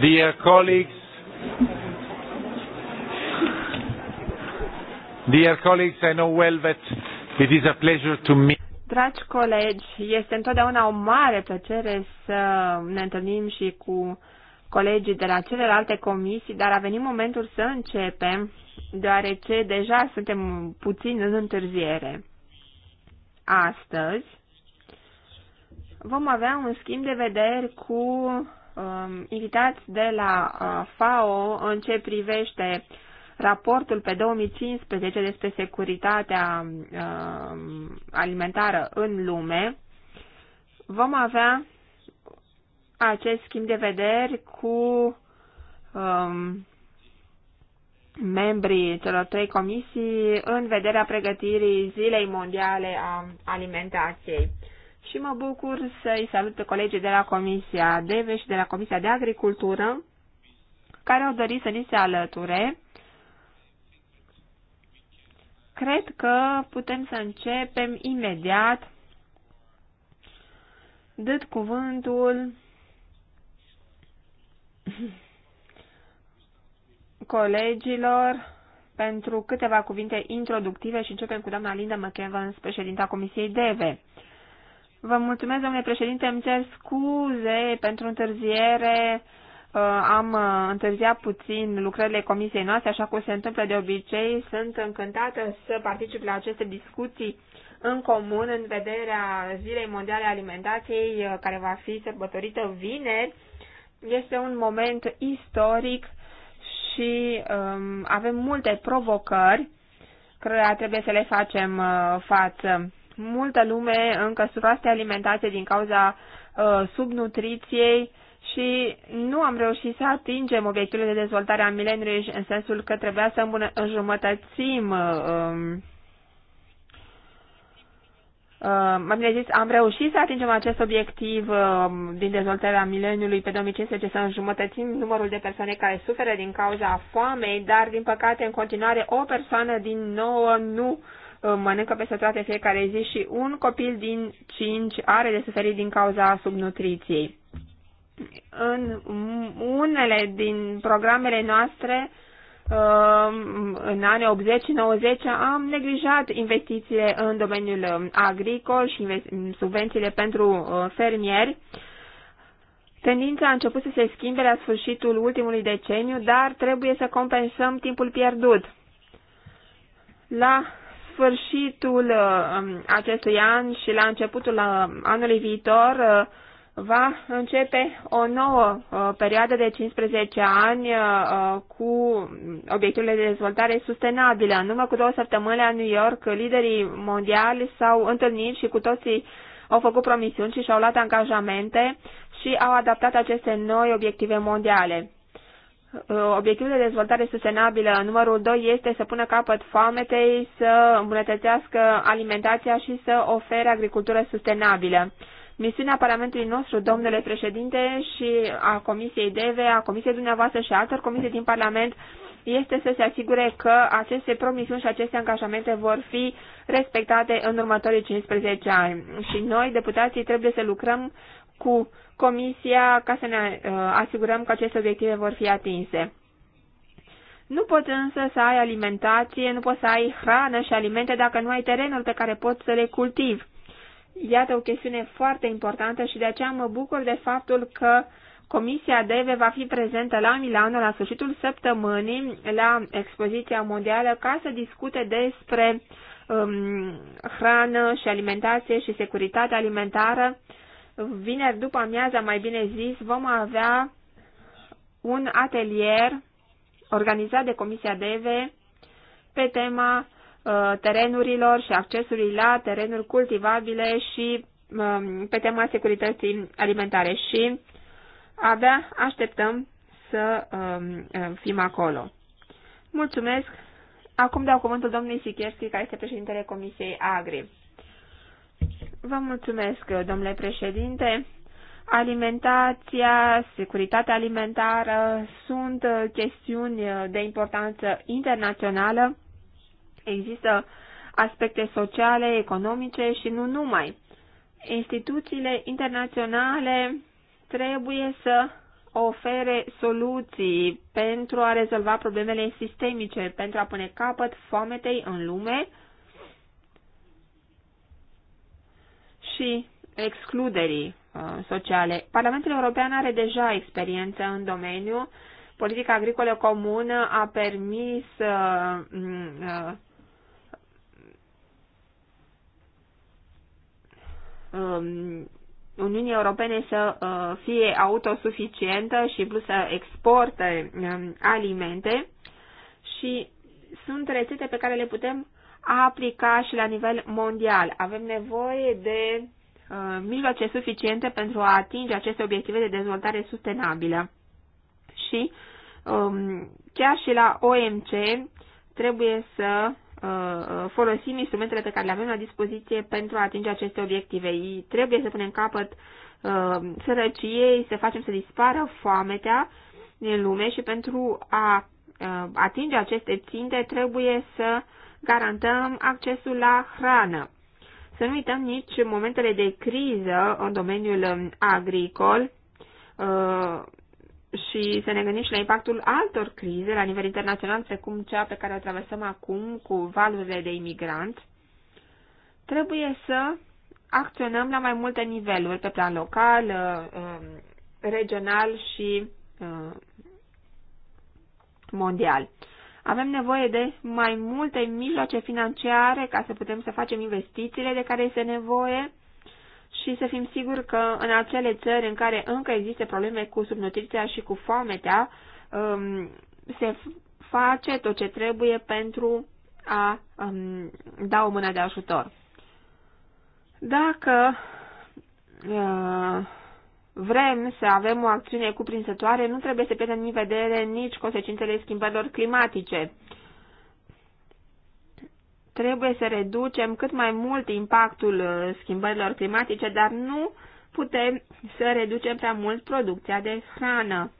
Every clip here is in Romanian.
Dear colleagues, dear colleagues, I know well that it is a pleasure to meet. Dragi colegi, este întotdeauna o mare plăcere să ne întâlnim și cu colegii de la celelalte comisii, dar a venit momentul să începem, deoarece deja suntem puțin în întârziere. Astăzi vom avea un schimb de vederi cu um, invitați de la uh, FAO în ce privește raportul pe 2015 despre securitatea uh, alimentară în lume, vom avea acest schimb de vederi cu um, membrii celor trei comisii în vederea pregătirii Zilei Mondiale a Alimentației și mă bucur să-i salut pe colegii de la Comisia DEVE și de la Comisia de Agricultură, care au dorit să ni se alăture. Cred că putem să începem imediat, dând cuvântul colegilor pentru câteva cuvinte introductive și începem cu doamna Linda McEvans, președinta Comisiei DEVE. Vă mulțumesc, domnule președinte, îmi cer scuze pentru întârziere. Uh, am uh, întârziat puțin lucrările comisiei noastre, așa cum se întâmplă de obicei. Sunt încântată să particip la aceste discuții în comun în vederea Zilei Mondiale Alimentației, uh, care va fi sărbătorită vineri. Este un moment istoric și um, avem multe provocări, care trebuie să le facem uh, față. Multă lume încă supraste alimentate din cauza uh, subnutriției și nu am reușit să atingem obiectivele de dezvoltare a mileniului în sensul că trebuia să înjumătățim uh, um, uh, mai bine zis, am reușit să atingem acest obiectiv uh, din dezvoltarea mileniului pe 2015, să înjumătățim numărul de persoane care suferă din cauza foamei, dar, din păcate, în continuare, o persoană din nouă nu mănâncă peste toate fiecare zi și un copil din cinci are de suferit din cauza subnutriției. În unele din programele noastre, um, în anii 80-90, am neglijat investițiile în domeniul um, agricol și subvențiile pentru uh, fermieri. Tendința a început să se schimbe la sfârșitul ultimului deceniu, dar trebuie să compensăm timpul pierdut. La sfârșitul uh, um, acestui an și la începutul uh, anului viitor uh, va începe o nouă perioadă de 15 ani cu obiectivele de dezvoltare sustenabile. În urmă cu două săptămâni la New York, liderii mondiali s-au întâlnit și cu toții au făcut promisiuni și și-au luat angajamente și au adaptat aceste noi obiective mondiale. Uh, obiectivul de dezvoltare sustenabilă numărul 2 este să pună capăt foametei, să îmbunătățească alimentația și să ofere agricultură sustenabilă. Misiunea Parlamentului nostru, domnule președinte, și a Comisiei DEVE, a Comisiei dumneavoastră și altor comisii din Parlament este să se asigure că aceste promisiuni și aceste angajamente vor fi respectate în următorii 15 ani. Și noi, deputații, trebuie să lucrăm cu Comisia ca să ne uh, asigurăm că aceste obiective vor fi atinse. Nu poți însă să ai alimentație, nu poți să ai hrană și alimente dacă nu ai terenul pe care poți să le cultivi. Iată o chestiune foarte importantă și de aceea mă bucur de faptul că Comisia DEVE va fi prezentă la Milano la sfârșitul săptămânii la expoziția mondială ca să discute despre um, hrană și alimentație și securitate alimentară vineri după amiaza, mai bine zis, vom avea un atelier organizat de Comisia DEVE pe tema uh, terenurilor și accesului la terenuri cultivabile și um, pe tema securității alimentare și abia așteptăm să um, uh, fim acolo. Mulțumesc! Acum dau cuvântul domnului Sikierski, care este președintele Comisiei Agri. Vă mulțumesc, domnule președinte. Alimentația, securitatea alimentară sunt chestiuni de importanță internațională. Există aspecte sociale, economice și nu numai. Instituțiile internaționale trebuie să ofere soluții pentru a rezolva problemele sistemice, pentru a pune capăt foametei în lume și excluderii uh, sociale. Parlamentul European are deja experiență în domeniu. Politica agricolă comună a permis uh, mm, uh, um, Uniunii Europene să fie autosuficientă și plus să exporte um, alimente și sunt rețete pe care le putem a aplica și la nivel mondial. Avem nevoie de uh, mijloace suficiente pentru a atinge aceste obiective de dezvoltare sustenabilă. Și um, chiar și la OMC trebuie să uh, folosim instrumentele pe care le avem la dispoziție pentru a atinge aceste obiective. trebuie să punem capăt uh, sărăciei, să facem să dispară foametea din lume și pentru a uh, atinge aceste ținte trebuie să uh, garantăm accesul la hrană. Să nu uităm nici momentele de criză în domeniul um, agricol uh, și să ne gândim și la impactul altor crize la nivel internațional, precum cea pe care o traversăm acum cu valurile de imigranți. Trebuie să acționăm la mai multe niveluri, pe plan local, uh, um, regional și uh, mondial. Avem nevoie de mai multe mijloace financiare ca să putem să facem investițiile de care este nevoie și să fim siguri că în acele țări în care încă există probleme cu subnutriția și cu foametea, um, se face tot ce trebuie pentru a um, da o mână de ajutor. Dacă uh, vrem să avem o acțiune cuprinsătoare, nu trebuie să pierdem în vedere nici consecințele schimbărilor climatice. Trebuie să reducem cât mai mult impactul uh, schimbărilor climatice, dar nu putem să reducem prea mult producția de hrană.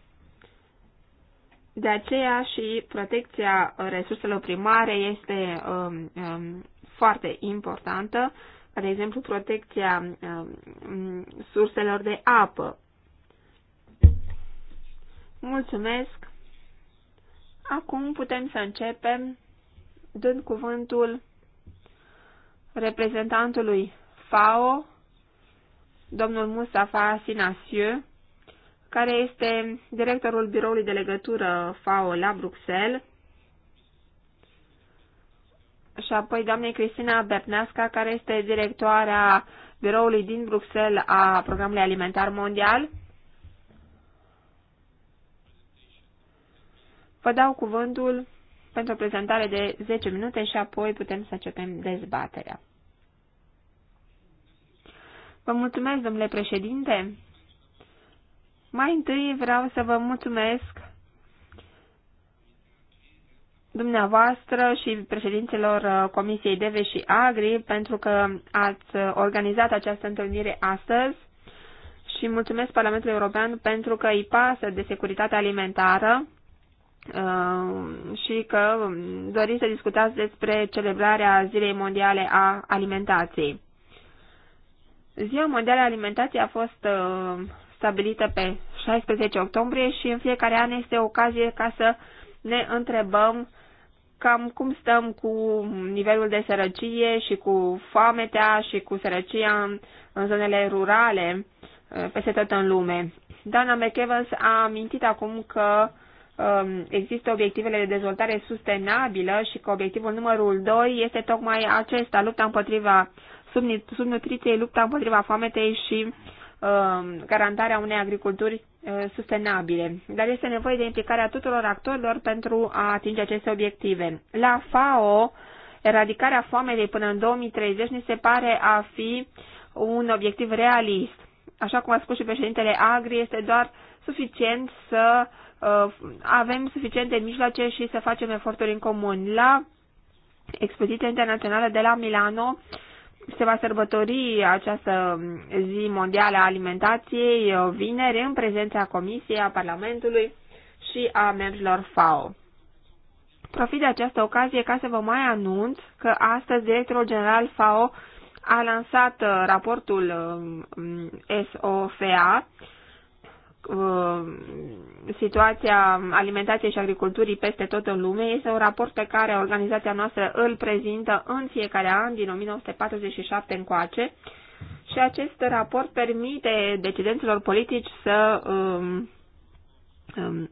De aceea și protecția uh, resurselor primare este um, um, foarte importantă de exemplu, protecția um, surselor de apă. Mulțumesc! Acum putem să începem dând cuvântul reprezentantului FAO, domnul Mustafa Sinasiu, care este directorul biroului de legătură FAO la Bruxelles și apoi doamnei Cristina Bernasca, care este directoarea biroului din Bruxelles a Programului Alimentar Mondial. Vă dau cuvântul pentru o prezentare de 10 minute și apoi putem să începem dezbaterea. Vă mulțumesc, domnule președinte. Mai întâi vreau să vă mulțumesc dumneavoastră și președinților uh, Comisiei DEVE și AGRI pentru că ați organizat această întâlnire astăzi și mulțumesc Parlamentului European pentru că îi pasă de securitatea alimentară uh, și că doriți să discutați despre celebrarea Zilei Mondiale a Alimentației. Ziua Mondială a Alimentației a fost uh, stabilită pe 16 octombrie și în fiecare an este o ocazie ca să ne întrebăm cam cum stăm cu nivelul de sărăcie și cu foametea și cu sărăcia în zonele rurale uh, peste tot în lume. Dana McEvans a amintit acum că um, există obiectivele de dezvoltare sustenabilă și că obiectivul numărul 2 este tocmai acesta, lupta împotriva subnutriției, lupta împotriva foametei și Um, garantarea unei agriculturi uh, sustenabile, dar este nevoie de implicarea tuturor actorilor pentru a atinge aceste obiective. La FAO, eradicarea foamei până în 2030 ne se pare a fi un obiectiv realist. Așa cum a spus și președintele Agri, este doar suficient să uh, avem suficiente mijloace și să facem eforturi în comun. La expoziția internațională de la Milano, uh, se va sărbători această zi mondială a alimentației uh, vineri în prezența Comisiei, a Parlamentului și a membrilor FAO. Profit de această ocazie ca să vă mai anunț că astăzi directorul general FAO a lansat uh, raportul uh, SOFA Uh, situația alimentației și agriculturii peste tot în lume este un raport pe care organizația noastră îl prezintă în fiecare an din 1947 încoace și acest raport permite decidenților politici să um, um,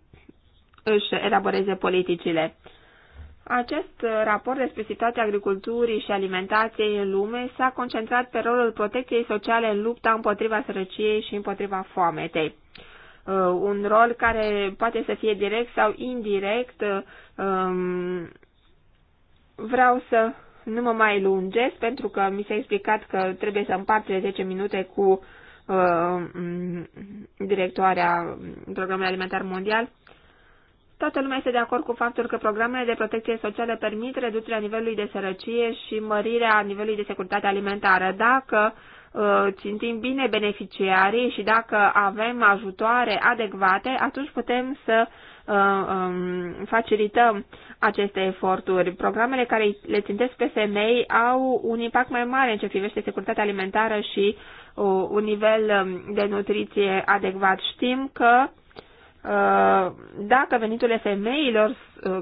își elaboreze politicile. Acest raport despre situația agriculturii și alimentației în lume s-a concentrat pe rolul protecției sociale în lupta împotriva sărăciei și împotriva foametei. Uh, un rol care poate să fie direct sau indirect. Um, vreau să nu mă mai lungesc pentru că mi s-a explicat că trebuie să împart cele 10 minute cu uh, directoarea Programului Alimentar Mondial. Toată lumea este de acord cu faptul că programele de protecție socială permit reducerea nivelului de sărăcie și mărirea nivelului de securitate alimentară. Dacă uh, Uh, țintim bine beneficiarii și dacă avem ajutoare adecvate, atunci putem să uh, um, facilităm aceste eforturi. Programele care le țintesc pe femei au un impact mai mare în ce privește securitatea alimentară și uh, un nivel um, de nutriție adecvat. Știm că dacă veniturile femeilor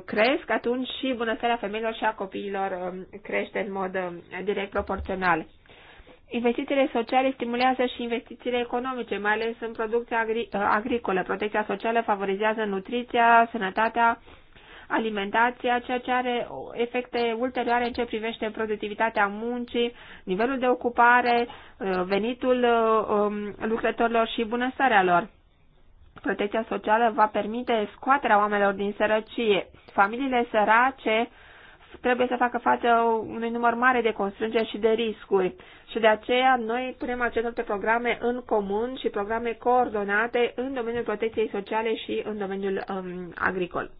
cresc, atunci și bunăstarea femeilor și a copiilor um, crește în mod direct proporțional. Investițiile sociale stimulează și investițiile economice, mai ales în producția agri- ă, agricolă. Protecția socială favorizează nutriția, sănătatea, alimentația, ceea ce are efecte ulterioare în ce privește productivitatea muncii, nivelul de ocupare, ă, venitul ă, um, lucrătorilor și bunăstarea lor. Protecția socială va permite scoaterea oamenilor din sărăcie. Familiile sărace trebuie să facă față unui număr mare de constrângeri și de riscuri. Și de aceea noi punem accentul pe programe în comun și programe coordonate în domeniul protecției sociale și în domeniul um, agricol.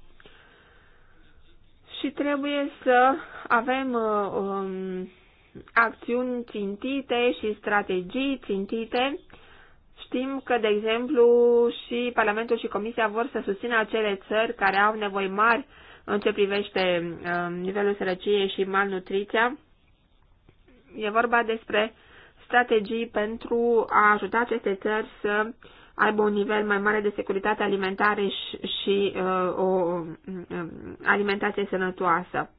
Și trebuie să avem uh, um, acțiuni țintite și strategii țintite. Știm că, de exemplu, și Parlamentul și Comisia vor să susțină acele țări care au nevoi mari uh, în ce privește uh, nivelul sărăciei și malnutriția. E vorba despre strategii pentru a ajuta aceste țări să aibă un nivel mai mare de securitate alimentară și, și uh, o uh, alimentație sănătoasă.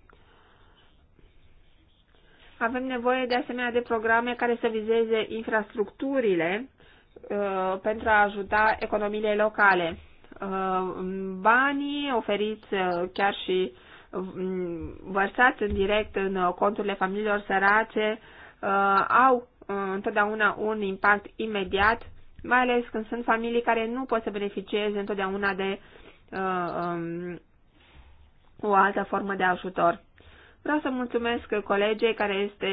Avem nevoie de asemenea de programe care să vizeze infrastructurile uh, pentru a ajuta economiile locale. Uh, banii oferiți uh, chiar și uh, vărsați în direct în conturile familiilor sărace au întotdeauna un impact imediat, mai ales când sunt familii care nu pot să beneficieze întotdeauna de um, o altă formă de ajutor. Vreau să mulțumesc colegei care este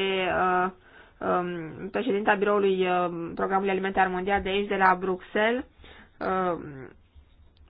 um, președinta biroului Programului Alimentar Mondial de aici, de la Bruxelles,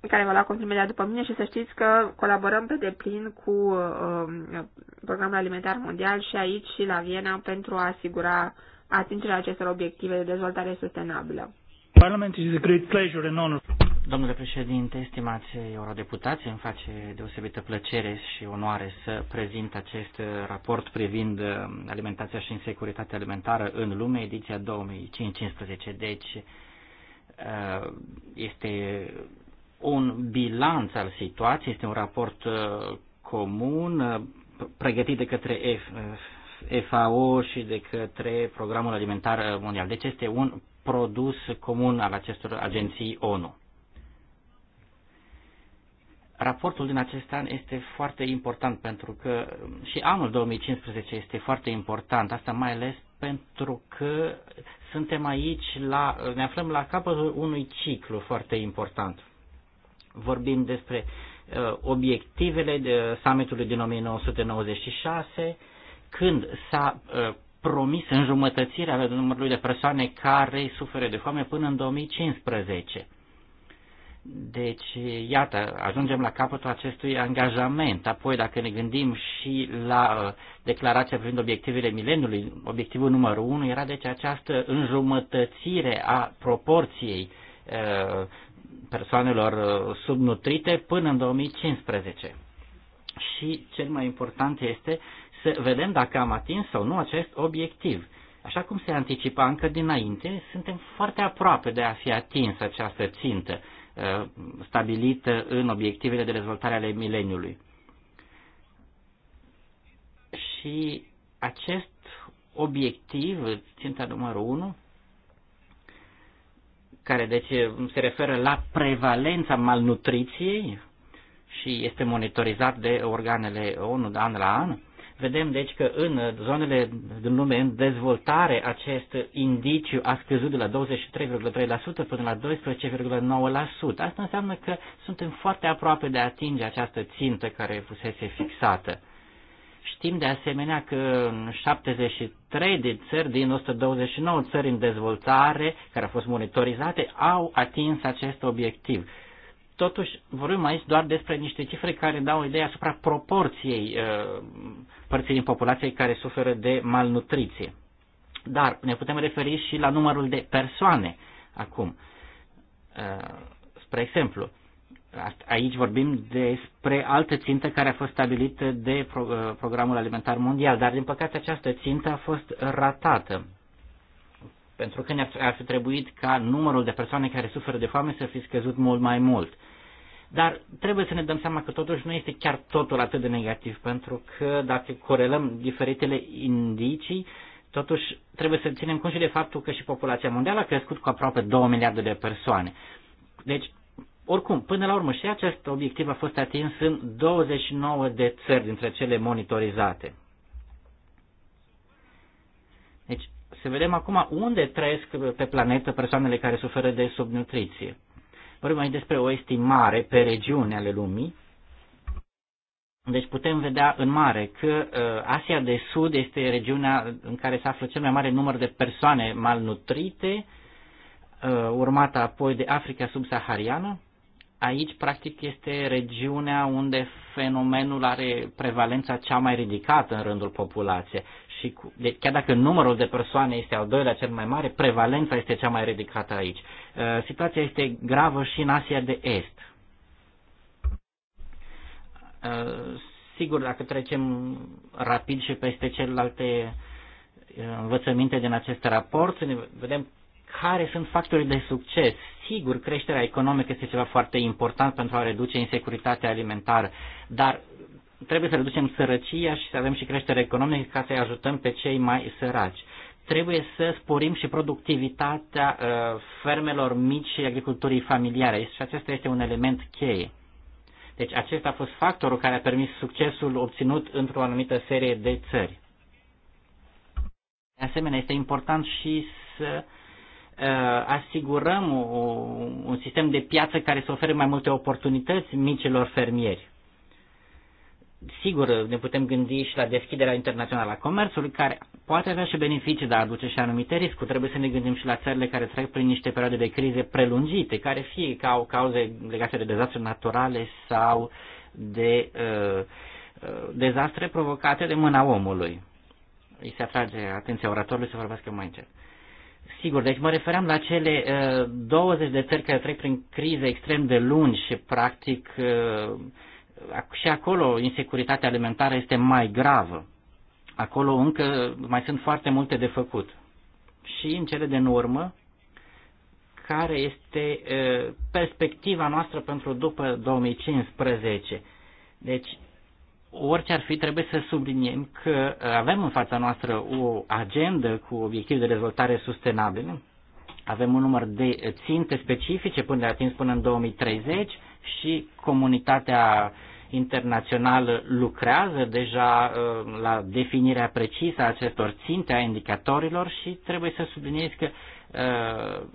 care va lua contul după mine și să știți că colaborăm pe deplin cu uh, Programul Alimentar Mondial și aici și la Viena pentru a asigura atingerea acestor obiective de dezvoltare sustenabilă. Parlament is a great pleasure and honor. Domnule președinte, stimați eurodeputați, îmi face deosebită plăcere și onoare să prezint acest raport privind um, alimentația și insecuritatea alimentară în lume, ediția 2015. Deci, uh, este un bilanț al situației, este un raport uh, comun uh, pregătit de către FAO uh, și de către Programul Alimentar Mondial. Deci este un produs comun al acestor agenții ONU. Raportul din acest an este foarte important pentru că și anul 2015 este foarte important, asta mai ales pentru că suntem aici la, ne aflăm la capătul unui ciclu foarte important vorbim despre uh, obiectivele de uh, summitului din 1996, când s-a uh, promis înjumătățirea numărului de persoane care suferă de foame până în 2015. Deci, iată, ajungem la capătul acestui angajament. Apoi, dacă ne gândim și la uh, declarația privind obiectivele mileniului, obiectivul numărul 1 era deci această înjumătățire a proporției uh, persoanelor uh, subnutrite până în 2015. Și cel mai important este să vedem dacă am atins sau nu acest obiectiv. Așa cum se anticipa încă dinainte, suntem foarte aproape de a fi atins această țintă uh, stabilită în obiectivele de dezvoltare ale mileniului. Și acest obiectiv, ținta numărul 1, care deci se referă la prevalența malnutriției și este monitorizat de organele ONU de an la an. Vedem deci că în zonele din lume în dezvoltare acest indiciu a scăzut de la 23,3% până la 12,9%. Asta înseamnă că suntem foarte aproape de a atinge această țintă care fusese fixată. Știm de asemenea că în 73 de țări din 129 țări în dezvoltare care au fost monitorizate au atins acest obiectiv. Totuși, vorbim aici doar despre niște cifre care dau o idee asupra proporției uh, părții din populație care suferă de malnutriție. Dar ne putem referi și la numărul de persoane acum. Uh, spre exemplu, aici vorbim despre altă țintă care a fost stabilită de uh, Programul Alimentar Mondial, dar din păcate această țintă a fost ratată. Pentru că ar fi trebuit ca numărul de persoane care suferă de foame să fi scăzut mult mai mult. Dar trebuie să ne dăm seama că totuși nu este chiar totul atât de negativ, pentru că dacă corelăm diferitele indicii, totuși trebuie să ținem cont și de faptul că și populația mondială a crescut cu aproape 2 miliarde de persoane. Deci oricum, până la urmă și acest obiectiv a fost atins în 29 de țări dintre cele monitorizate. Deci, să vedem acum unde trăiesc pe planetă persoanele care suferă de subnutriție. Vorbim aici despre o estimare pe regiune ale lumii. Deci putem vedea în mare că uh, Asia de Sud este regiunea în care se află cel mai mare număr de persoane malnutrite, uh, urmată apoi de Africa subsahariană, aici, practic, este regiunea unde fenomenul are prevalența cea mai ridicată în rândul populației. Și cu, de, chiar dacă numărul de persoane este al doilea cel mai mare, prevalența este cea mai ridicată aici. Uh, situația este gravă și în Asia de Est. Uh, sigur, dacă trecem rapid și peste celelalte uh, învățăminte din acest raport, ne vedem care sunt factorii de succes. Sigur, creșterea economică este ceva foarte important pentru a reduce insecuritatea alimentară, dar trebuie să reducem sărăcia și să avem și creștere economică ca să-i ajutăm pe cei mai săraci. Trebuie să sporim și productivitatea uh, fermelor mici și agriculturii familiare și acesta este un element cheie. Deci acesta a fost factorul care a permis succesul obținut într-o anumită serie de țări. De asemenea, este important și să uh, Uh, asigurăm o, un sistem de piață care să ofere mai multe oportunități micilor fermieri. Sigur, ne putem gândi și la deschiderea internațională a comerțului, care poate avea și beneficii, dar aduce și anumite riscuri. Trebuie să ne gândim și la țările care trec prin niște perioade de crize prelungite, care fie ca au cauze legate de dezastre naturale sau de uh, uh, dezastre provocate de mâna omului. Îi se atrage atenția oratorului să vorbească mai încet. Uh, Sigur, deci mă referam la cele uh, 20 de țări care trec prin crize extrem de lungi și practic uh, și acolo insecuritatea alimentară este mai gravă. Acolo încă mai sunt foarte multe de făcut. Și în cele de urmă, care este uh, perspectiva noastră pentru după 2015? Deci, orice ar fi, trebuie să subliniem că avem în fața noastră o agendă cu obiectiv de dezvoltare sustenabilă, Avem un număr de ținte specifice până de atins până în 2030 și comunitatea internațională lucrează deja ă, la definirea precisă a acestor ținte a indicatorilor și trebuie să subliniez că ă,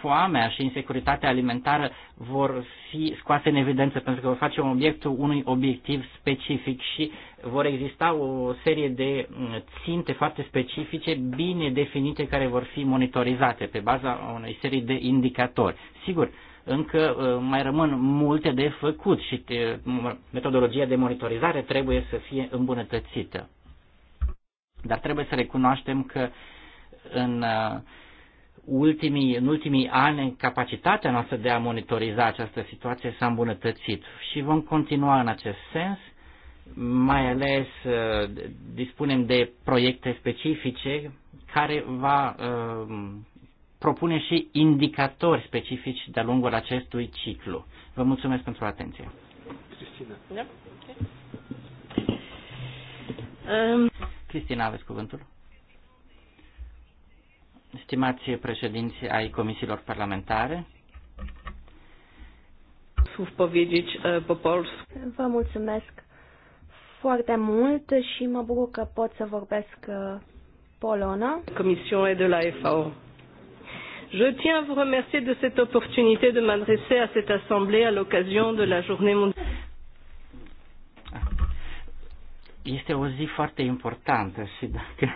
foamea și insecuritatea alimentară vor fi scoase în evidență pentru că vor face un obiectul unui obiectiv specific și vor exista o serie de mm, ținte foarte specifice, bine definite, care vor fi monitorizate pe baza unei serii de indicatori. Sigur, încă uh, mai rămân multe de făcut și uh, metodologia de monitorizare trebuie să fie îmbunătățită. Dar trebuie să recunoaștem că în uh, ultimii, în ultimii ani capacitatea noastră de a monitoriza această situație s-a îmbunătățit și vom continua în acest sens, mai ales uh, dispunem de proiecte specifice care va uh, propune și indicatori specifici de-a lungul acestui ciclu. Vă mulțumesc pentru atenție. Cristina. Da? Okay. Um... Cristina, aveți cuvântul? stimați președinți ai comisiilor parlamentare, Vă mulțumesc foarte mult și mă bucur că pot să vorbesc polona. Comisia de la FAO. Je tiens à vous remercier de cette opportunité de m'adresser à cette assemblée à l'occasion de la journée mondiale. Este o zi foarte importantă și dacă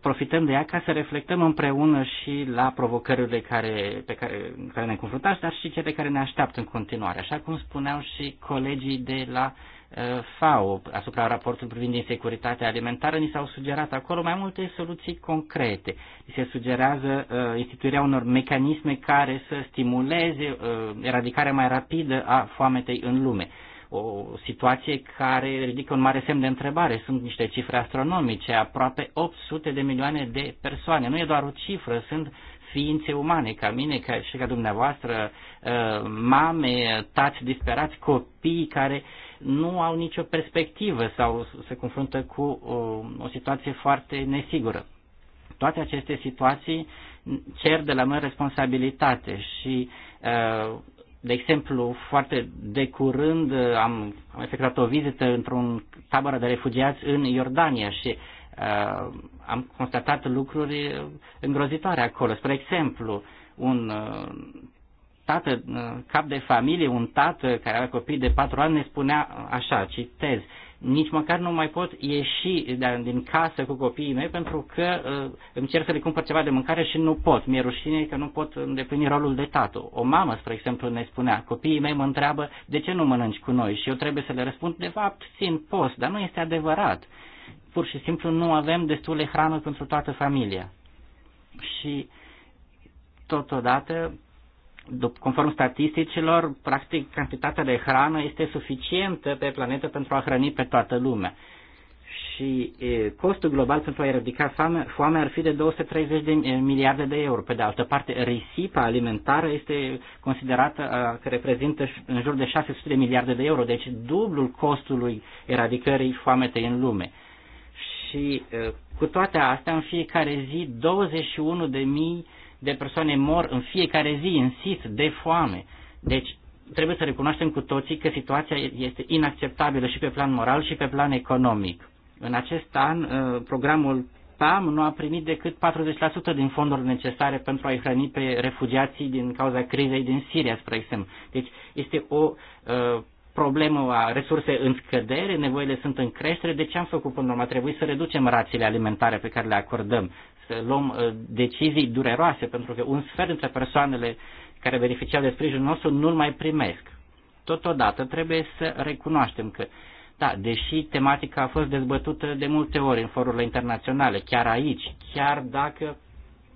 profităm de ea ca să reflectăm împreună și la provocările care, pe care, care ne confruntați, dar și cele care ne așteaptă în continuare. Așa cum spuneau și colegii de la uh, FAO asupra raportului privind insecuritatea alimentară, ni s-au sugerat acolo mai multe soluții concrete. Ni se sugerează uh, instituirea unor mecanisme care să stimuleze uh, eradicarea mai rapidă a foametei în lume. Uh, o situație care ridică un mare semn de întrebare. Sunt niște cifre astronomice, aproape 800 de milioane de persoane. Nu e doar o cifră, sunt ființe umane, ca mine ca și ca dumneavoastră, ă, mame, tați disperați, copii care nu au nicio perspectivă sau se confruntă cu o, o situație foarte nesigură. Toate aceste situații cer de la noi responsabilitate și uh, de exemplu, foarte de curând uh, am, am efectuat o vizită într-un tabără de refugiați în Iordania și uh, am constatat lucruri îngrozitoare acolo. Spre exemplu, un uh, tată, uh, cap de familie, un tată care avea copii de patru ani ne spunea așa, citez, nici măcar nu mai pot ieși din casă cu copiii mei pentru că uh, îmi cer să le cumpăr ceva de mâncare și nu pot. Mi-e rușine că nu pot îndeplini rolul de tată. O mamă, spre exemplu, ne spunea, copiii mei mă întreabă de ce nu mănânci cu noi și eu trebuie să le răspund, de fapt, țin post, dar nu este adevărat. Pur și simplu nu avem destule hrană pentru toată familia. Și totodată conform statisticilor, practic cantitatea de hrană este suficientă pe planetă pentru a hrăni pe toată lumea. Și costul global pentru a eradica foamea ar fi de 230 de miliarde de euro. Pe de altă parte, risipa alimentară este considerată că reprezintă în jur de 600 de miliarde de euro, deci dublul costului eradicării foametei în lume. Și cu toate astea, în fiecare zi, 21 de mii de persoane mor în fiecare zi în sit de foame. Deci trebuie să recunoaștem cu toții că situația este inacceptabilă și pe plan moral și pe plan economic. În acest an, uh, programul PAM nu a primit decât 40% din fondurile necesare pentru a-i hrăni pe refugiații din cauza crizei din Siria, spre exemplu. Deci este o uh, problemă a resurse în scădere, nevoile sunt în creștere, de ce am făcut până urmă? Trebuie să reducem rațiile alimentare pe care le acordăm să luăm uh, decizii dureroase, pentru că un sfert dintre persoanele care beneficiau de sprijinul nostru nu-l mai primesc. Totodată trebuie să recunoaștem că, da, deși tematica a fost dezbătută de multe ori în forurile internaționale, chiar aici, chiar dacă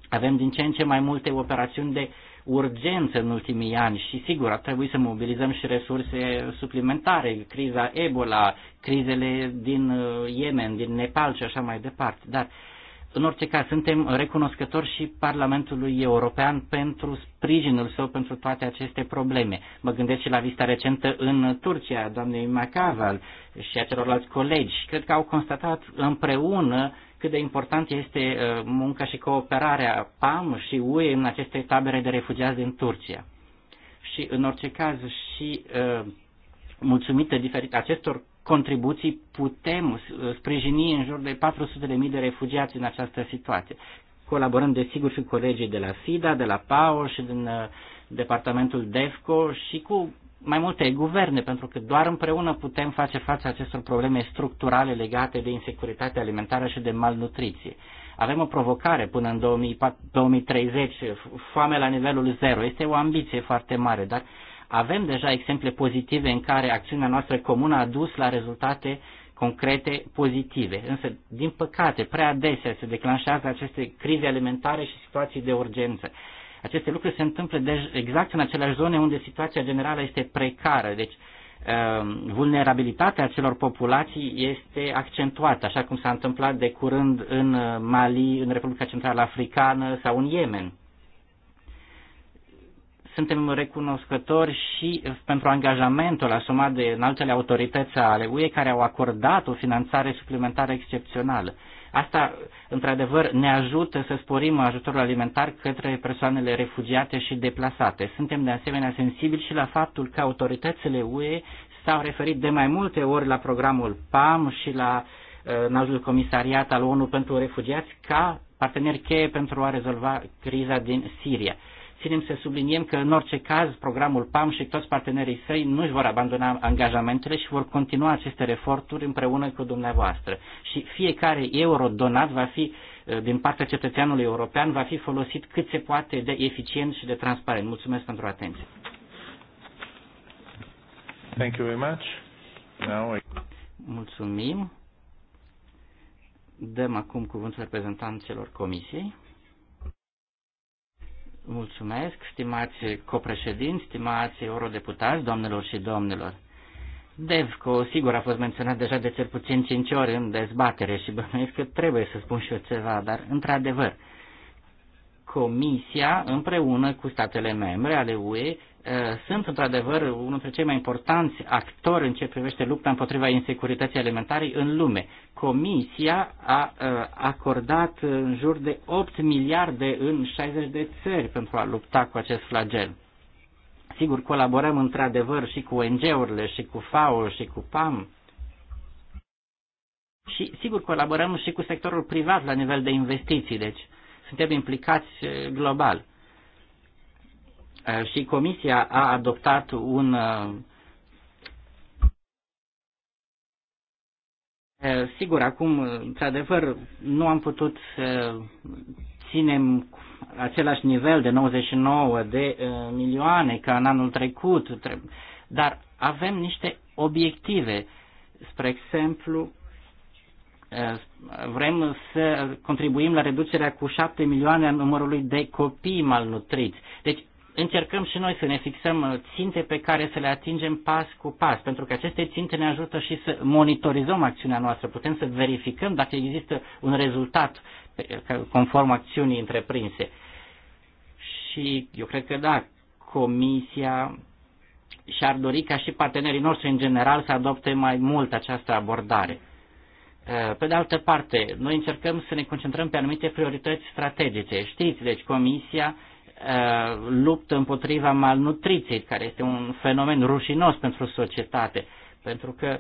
avem din ce în ce mai multe operațiuni de urgență în ultimii ani și sigur ar trebui să mobilizăm și resurse suplimentare, criza Ebola, crizele din uh, Yemen, din Nepal și așa mai departe, dar în orice caz, suntem recunoscători și Parlamentului European pentru sprijinul său pentru toate aceste probleme. Mă gândesc și la vista recentă în Turcia, doamnei Macaval și a celorlalți colegi. Cred că au constatat împreună cât de important este uh, munca și cooperarea PAM și UE în aceste tabere de refugiați din Turcia. Și în orice caz și uh, mulțumită diferit acestor contribuții putem uh, sprijini în jur de 400.000 de refugiați în această situație. Colaborăm, desigur, și cu colegii de la SIDA, de la PAO și din uh, departamentul DEFCO și cu mai multe guverne, pentru că doar împreună putem face față acestor probleme structurale legate de insecuritatea alimentară și de malnutriție. Avem o provocare până în 2030, foame la nivelul zero. Este o ambiție foarte mare, dar avem deja exemple pozitive în care acțiunea noastră comună a dus la rezultate concrete pozitive. Însă, din păcate, prea adesea se declanșează aceste crize alimentare și situații de urgență. Aceste lucruri se întâmplă de, exact în aceleași zone unde situația generală este precară, deci ehm, vulnerabilitatea celor populații este accentuată, așa cum s-a întâmplat de curând în uh, Mali, în Republica Centrală Africană sau în Yemen. Suntem recunoscători și pentru angajamentul asumat de înaltele autorități ale UE care au acordat o finanțare suplimentară excepțională. Asta, într-adevăr, ne ajută să sporim ajutorul alimentar către persoanele refugiate și deplasate. Suntem, de asemenea, sensibili și la faptul că autoritățile UE s-au referit de mai multe ori la programul PAM și la uh, înaltul comisariat al ONU pentru refugiați ca parteneri cheie pentru a rezolva criza din Siria. Ținem să subliniem că în orice caz programul PAM și toți partenerii săi nu își vor abandona angajamentele și vor continua aceste eforturi împreună cu dumneavoastră. Și fiecare euro donat va fi eh, din partea cetățeanului european va fi folosit cât se poate de eficient și de transparent. Mulțumesc pentru atenție. Thank you very much. Now I... Mulțumim. Dăm acum cuvântul reprezentanților comisiei. Mulțumesc, stimați copreședinți, stimați eurodeputați, domnilor și domnilor. DEVCO, sigur, a fost menționat deja de cel puțin cinci ori în dezbatere și bănuiesc că trebuie să spun și eu ceva, dar într-adevăr, Comisia, împreună cu statele membre ale UE, Eh, sunt într-adevăr unul dintre cei mai importanți actori în ce privește lupta împotriva insecurității alimentare în lume. Comisia a eh, acordat în jur de 8 miliarde în 60 de țări pentru a lupta cu acest flagel. Sigur, colaborăm într-adevăr și cu ONG-urile, și cu FAO, și cu PAM. Și, sigur, colaborăm și cu sectorul privat la nivel de investiții, deci suntem implicați eh, global. Eh, și Comisia a adoptat un eh, eh, Sigur, acum, într-adevăr, nu am putut să ținem același nivel de 99 de milioane ca în anul trecut, dar avem niște obiective. Spre exemplu, vrem să contribuim la reducerea cu 7 milioane a numărului de copii malnutriți. Deci încercăm și noi să ne fixăm uh, ținte pe care să le atingem pas cu pas, pentru că aceste ținte ne ajută și să monitorizăm acțiunea noastră, putem să verificăm dacă există un rezultat conform acțiunii întreprinse. Și eu cred că da, Comisia și-ar dori ca și partenerii noștri în general să adopte mai mult această abordare. Uh, pe de altă parte, noi încercăm să ne concentrăm pe anumite priorități strategice. Știți, deci Comisia Uh, luptă împotriva malnutriției, care este un fenomen rușinos pentru societate, pentru că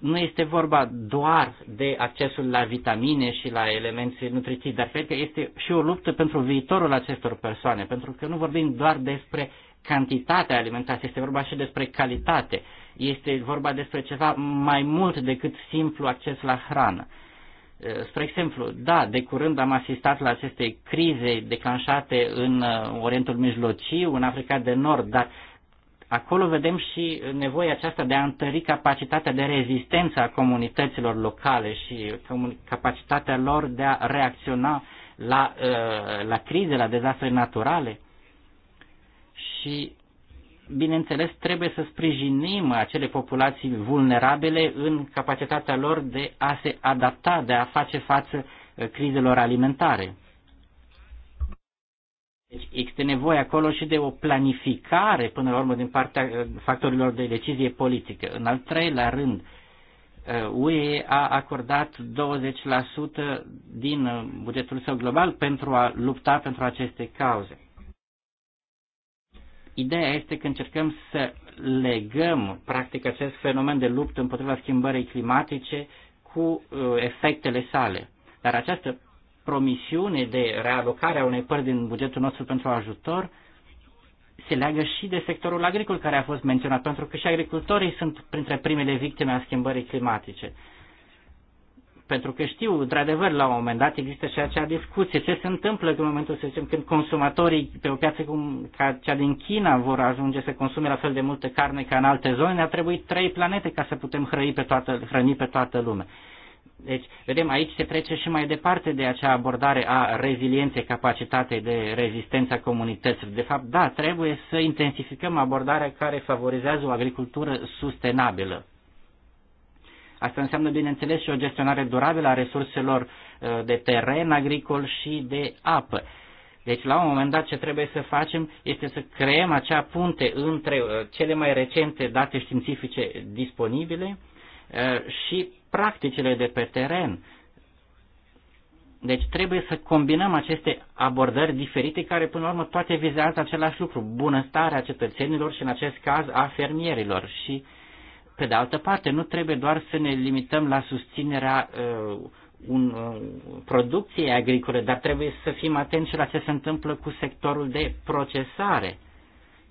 nu este vorba doar de accesul la vitamine și la elemente nutritive, dar cred că este și o luptă pentru viitorul acestor persoane, pentru că nu vorbim doar despre cantitatea alimentației, este vorba și despre calitate. Este vorba despre ceva mai mult decât simplu acces la hrană. Eh, spre exemplu, da, de curând am asistat la aceste crize declanșate în uh, Orientul Mijlociu, în Africa de Nord, dar acolo vedem și nevoia aceasta de a întări capacitatea de rezistență a comunităților locale și capacitatea lor de a reacționa la, uh, la crize, la dezastre naturale. Și bineînțeles, trebuie să sprijinim acele populații vulnerabile în capacitatea lor de a se adapta, de a face față uh, crizelor alimentare. Deci este nevoie acolo și de o planificare, până la urmă, din partea uh, factorilor de decizie politică. În al treilea rând, UE uh, a acordat 20% din bugetul său global pentru a lupta pentru aceste cauze. Ideea este că încercăm să legăm, practic, acest fenomen de luptă împotriva schimbării climatice cu uh, efectele sale. Dar această promisiune de realocare a unei părți din bugetul nostru pentru ajutor se leagă și de sectorul agricol care a fost menționat, pentru că și agricultorii sunt printre primele victime a schimbării climatice. Pentru că știu, într-adevăr, la un moment dat există și acea discuție. Ce se întâmplă în momentul, să zicem, când consumatorii pe o piață cum, ca cea din China vor ajunge să consume la fel de multă carne ca în alte zone? Ne-a trebuit trei planete ca să putem hrăi pe toată, hrăni pe toată lumea. Deci, vedem, aici se trece și mai departe de acea abordare a rezilienței, capacitatei de rezistență a comunităților. De fapt, da, trebuie să intensificăm abordarea care favorizează o agricultură sustenabilă. Asta înseamnă, bineînțeles, și o gestionare durabilă a resurselor uh, de teren agricol și de apă. Deci, la un moment dat, ce trebuie să facem este să creăm acea punte între uh, cele mai recente date științifice disponibile uh, și practicile de pe teren. Deci trebuie să combinăm aceste abordări diferite care până la urmă toate vizează același lucru, bunăstarea cetățenilor și în acest caz a fermierilor. Și uh, pe de altă parte, nu trebuie doar să ne limităm la susținerea uh, un, uh, producției agricole, dar trebuie să fim atenți și la ce se întâmplă cu sectorul de procesare,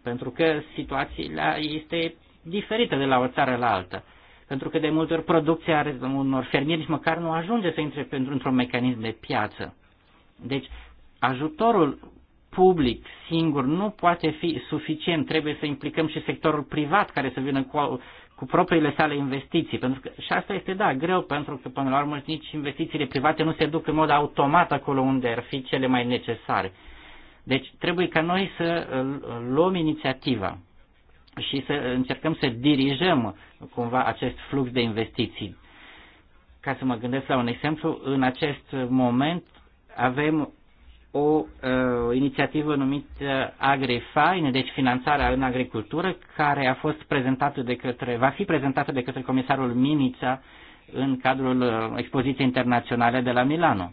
pentru că situația este diferită de la o țară la alta. Pentru că de multe ori producția unor fermieri nici măcar nu ajunge să intre într-un mecanism de piață. Deci, ajutorul public singur nu poate fi suficient, trebuie să implicăm și sectorul privat care să vină cu cu propriile sale investiții. Pentru că, și asta este, da, greu, pentru că, până la urmă, nici investițiile private nu se duc în mod automat acolo unde ar fi cele mai necesare. Deci trebuie ca noi să uh, luăm inițiativa și să încercăm să dirijăm cumva acest flux de investiții. Ca să mă gândesc la un exemplu, în acest moment avem o uh, inițiativă numită AgriFine, deci finanțarea în agricultură, care a fost prezentată de către, va fi prezentată de către comisarul Minița în cadrul uh, expoziției internaționale de la Milano.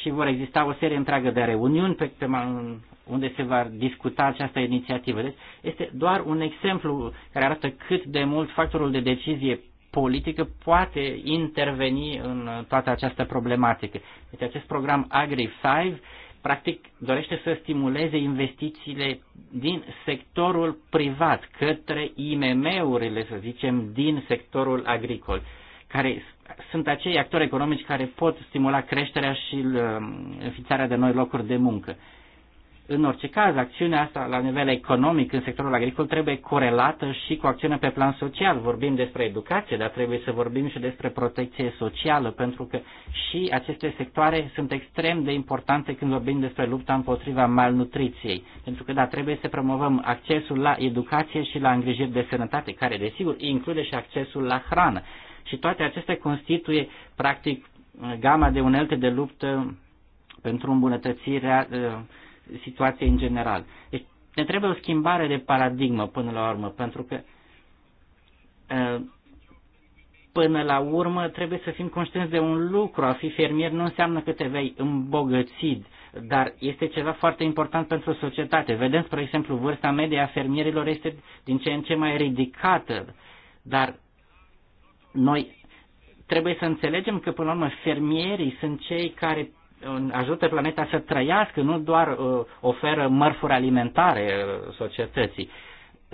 Și vor exista o serie întreagă de reuniuni pe tema unde se va discuta această inițiativă. Deci este doar un exemplu care arată cât de mult factorul de decizie politică poate interveni în toată această problematică. Deci acest program Agri5 practic dorește să stimuleze investițiile din sectorul privat către IMM-urile, să zicem, din sectorul agricol, care sunt acei actori economici care pot stimula creșterea și um, înființarea de noi locuri de muncă. În orice caz, acțiunea asta la nivel economic în sectorul agricol trebuie corelată și cu acțiunea pe plan social. Vorbim despre educație, dar trebuie să vorbim și despre protecție socială, pentru că și aceste sectoare sunt extrem de importante când vorbim despre lupta împotriva malnutriției. Pentru că, da, trebuie să promovăm accesul la educație și la îngrijiri de sănătate, care, desigur, include și accesul la hrană. Și toate acestea constituie, practic, gama de unelte de luptă pentru îmbunătățirea uh, situației în general. Deci ne trebuie o schimbare de paradigmă până la urmă, pentru că până la urmă trebuie să fim conștienți de un lucru. A fi fermier nu înseamnă că te vei îmbogăți, dar este ceva foarte important pentru societate. Vedem, spre exemplu, vârsta medie a fermierilor este din ce în ce mai ridicată, dar noi trebuie să înțelegem că, până la urmă, fermierii sunt cei care ajută planeta să trăiască, nu doar uh, oferă mărfuri alimentare uh, societății.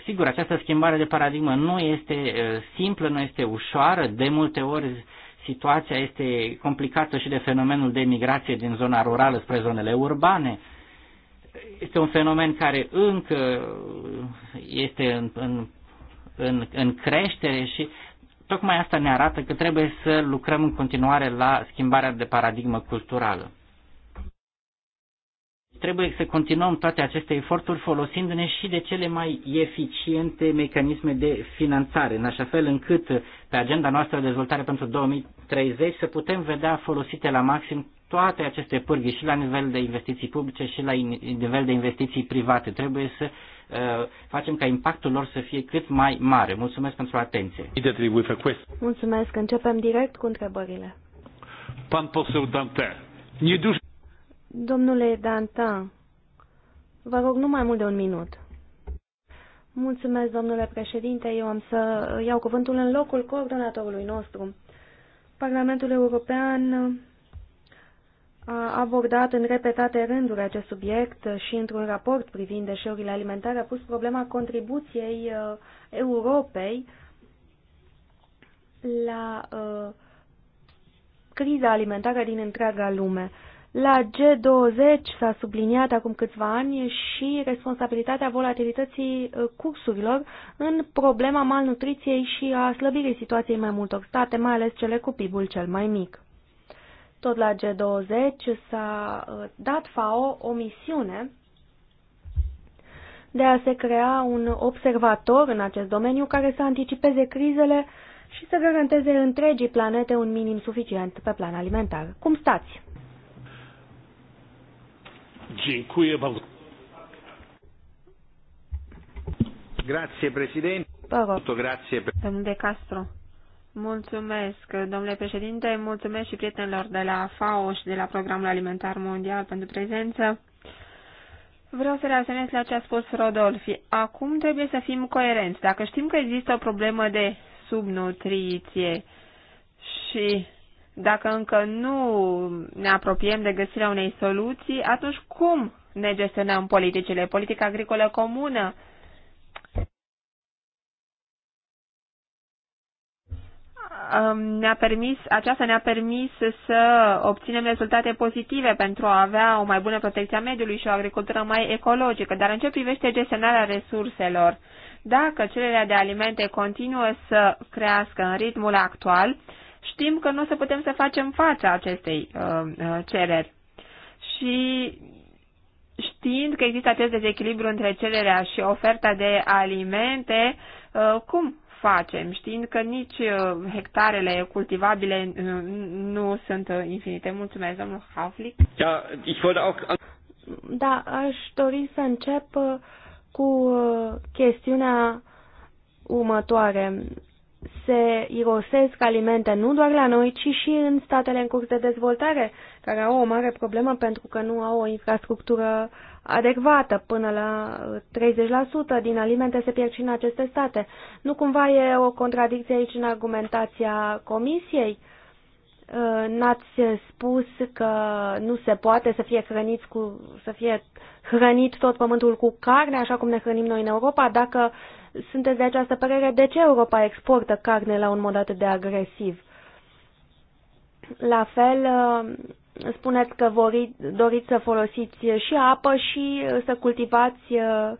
Sigur, această schimbare de paradigmă nu este uh, simplă, nu este ușoară, de multe ori situația este complicată și de fenomenul de migrație din zona rurală spre zonele urbane. Este un fenomen care încă este în, în, în, în creștere și Tocmai asta ne arată că trebuie să lucrăm în continuare la schimbarea de paradigmă culturală. Trebuie să continuăm toate aceste eforturi folosindu-ne și de cele mai eficiente mecanisme de finanțare, în așa fel încât pe agenda noastră de dezvoltare pentru 2030 să putem vedea folosite la maxim toate aceste pârghii și la nivel de investiții publice și la nivel de investiții private. Trebuie să uh, Uh, facem ca impactul lor să fie cât mai mare. Mulțumesc pentru atenție. Mulțumesc. Începem direct cu întrebările. Pan poseu Dantin. Domnule Dantin, vă rog nu mai mult de un minut. Mulțumesc, domnule președinte. Eu am să iau cuvântul în locul coordonatorului nostru. Parlamentul European a abordat în repetate rânduri acest subiect și într-un raport privind deșeurile alimentare a pus problema contribuției uh, Europei la uh, criza alimentară din întreaga lume. La G20 s-a subliniat acum câțiva ani și responsabilitatea volatilității uh, cursurilor în problema malnutriției și a slăbirii situației mai multor state, mai ales cele cu PIB-ul cel mai mic. Tot la G20 s-a uh, dat FAO o misiune de a se crea un observator în acest domeniu care să anticipeze crizele și să garanteze întregii planete un minim suficient pe plan alimentar. Cum stați? Dziękuję bardzo. Grazie Presidente. Grazie. Domnul De Castro. Mulțumesc, domnule președinte, mulțumesc și prietenilor de la FAO și de la Programul Alimentar Mondial pentru prezență. Vreau să reacționez la ce a spus Rodolfi. Acum trebuie să fim coerenți. Dacă știm că există o problemă de subnutriție și dacă încă nu ne apropiem de găsirea unei soluții, atunci cum ne gestionăm politicile? Politica agricolă comună Um, ne-a permis, aceasta ne-a permis să obținem rezultate pozitive pentru a avea o mai bună protecție a mediului și o agricultură mai ecologică, dar în ce privește gestionarea resurselor, dacă cererea de alimente continuă să crească în ritmul actual, știm că nu o să putem să facem față acestei uh, uh cereri. Și știind că există acest dezechilibru între cererea și oferta de alimente, uh, cum facem, știind că nici uh, hectarele cultivabile uh, nu sunt uh, infinite. Mulțumesc, domnul Havlik. Da, ich wollte auch... da, aș dori să încep cu chestiunea următoare. Se irosesc alimente nu doar la noi, ci și în statele în curs de dezvoltare, care au o mare problemă pentru că nu au o infrastructură uh, adecvată, până la 30% din alimente se pierd și în aceste state. Nu cumva e o contradicție aici în argumentația Comisiei? Uh, n-ați spus că nu se poate să fie, hrăniți cu, să fie hrănit tot pământul cu carne, așa cum ne hrănim noi în Europa. Dacă sunteți de această părere, de ce Europa exportă carne la un mod atât de agresiv? La fel, uh, spuneți că vori, doriți să folosiți și apă și să cultivați uh,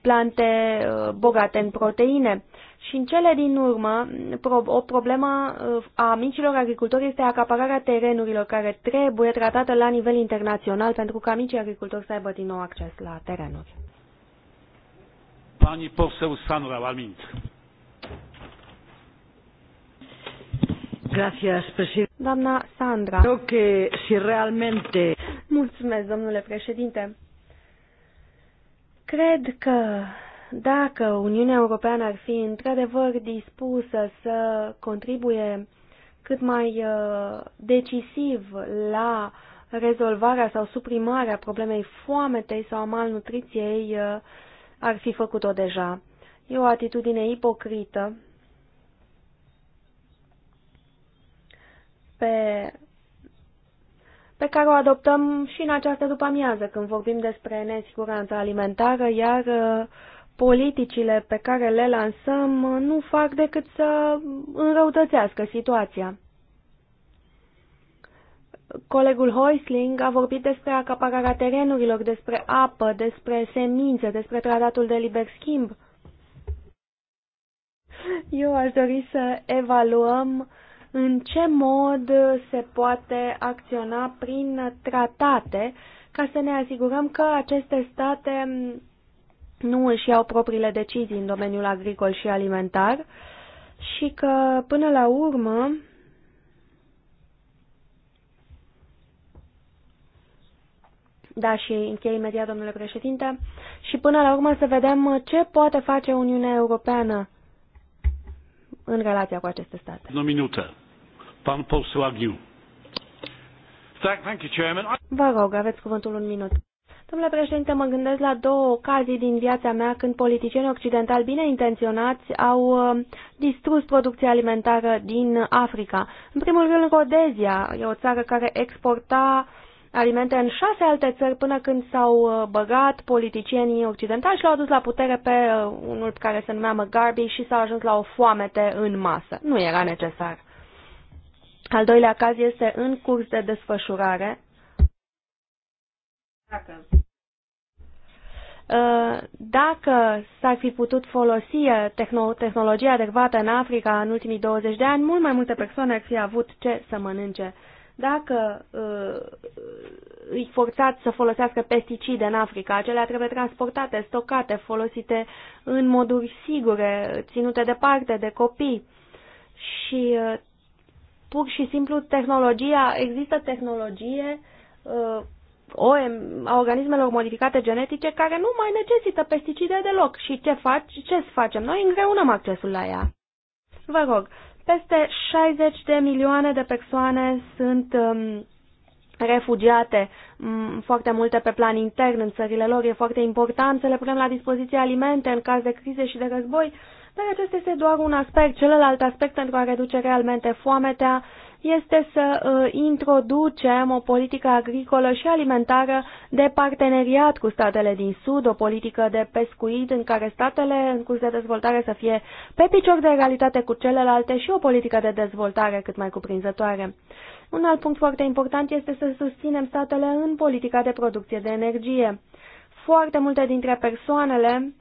plante uh, bogate în proteine. Și în cele din urmă, o problemă uh, a micilor agricultori este acapararea terenurilor care trebuie tratată la nivel internațional pentru ca micii agricultori să aibă din nou acces la terenuri. Pani poseu Sanura Walmint. Gracias, Doamna Sandra. Creo que si realmente... Mulțumesc, domnule președinte. Cred că dacă Uniunea Europeană ar fi într-adevăr dispusă să contribuie cât mai uh, decisiv la rezolvarea sau suprimarea problemei foametei sau a malnutriției, uh, ar fi făcut-o deja. E o atitudine ipocrită pe, pe care o adoptăm și în această după-amiază, când vorbim despre nesiguranța alimentară, iar uh, politicile pe care le lansăm nu fac decât să înrăutățească situația. Colegul Hoisling a vorbit despre acapararea terenurilor, despre apă, despre semințe, despre tratatul de liber schimb. Eu aș dori să evaluăm în ce mod se poate acționa prin tratate ca să ne asigurăm că aceste state nu își iau propriile decizii în domeniul agricol și alimentar și că, până la urmă, Da, și închei imediat, domnule președinte. Și până la urmă să vedem ce poate face Uniunea Europeană în relația cu aceste state. Un minută. Vă rog, aveți cuvântul un minut. Domnule președinte, mă gândesc la două ocazii din viața mea când politicieni occidentali bine intenționați au um, distrus producția alimentară din Africa. În primul rând, Rodezia e o țară care exporta alimente în șase alte țări până când s-au uh, băgat politicienii occidentali și l-au dus la putere pe uh, unul care se numea Garbi și s-a ajuns la o foamete în masă. Nu era necesar. Al doilea caz este în curs de desfășurare. Dacă, uh, Dacă s-ar fi putut folosi uh, tehnologia adecvată în Africa în ultimii 20 de ani, mult mai multe persoane ar fi avut ce să mănânce. Dacă uh, îi forțați să folosească pesticide în Africa, acelea trebuie transportate, stocate, folosite în moduri sigure, ținute departe de copii și pur și simplu tehnologia, există tehnologie uh, OM, a organismelor modificate genetice care nu mai necesită pesticide deloc. Și ce, faci, ce facem? Noi îngreunăm accesul la ea. Vă rog, peste 60 de milioane de persoane sunt um, refugiate, um, foarte multe pe plan intern în țările lor. E foarte important să le punem la dispoziție alimente în caz de crize și de război dar acesta este doar un aspect. Celălalt aspect pentru a reduce realmente foametea este să uh, introducem o politică agricolă și alimentară de parteneriat cu statele din Sud, o politică de pescuit în care statele în curs de dezvoltare să fie pe picior de egalitate cu celelalte și o politică de dezvoltare cât mai cuprinzătoare. Un alt punct foarte important este să susținem statele în politica de producție de energie. Foarte multe dintre persoanele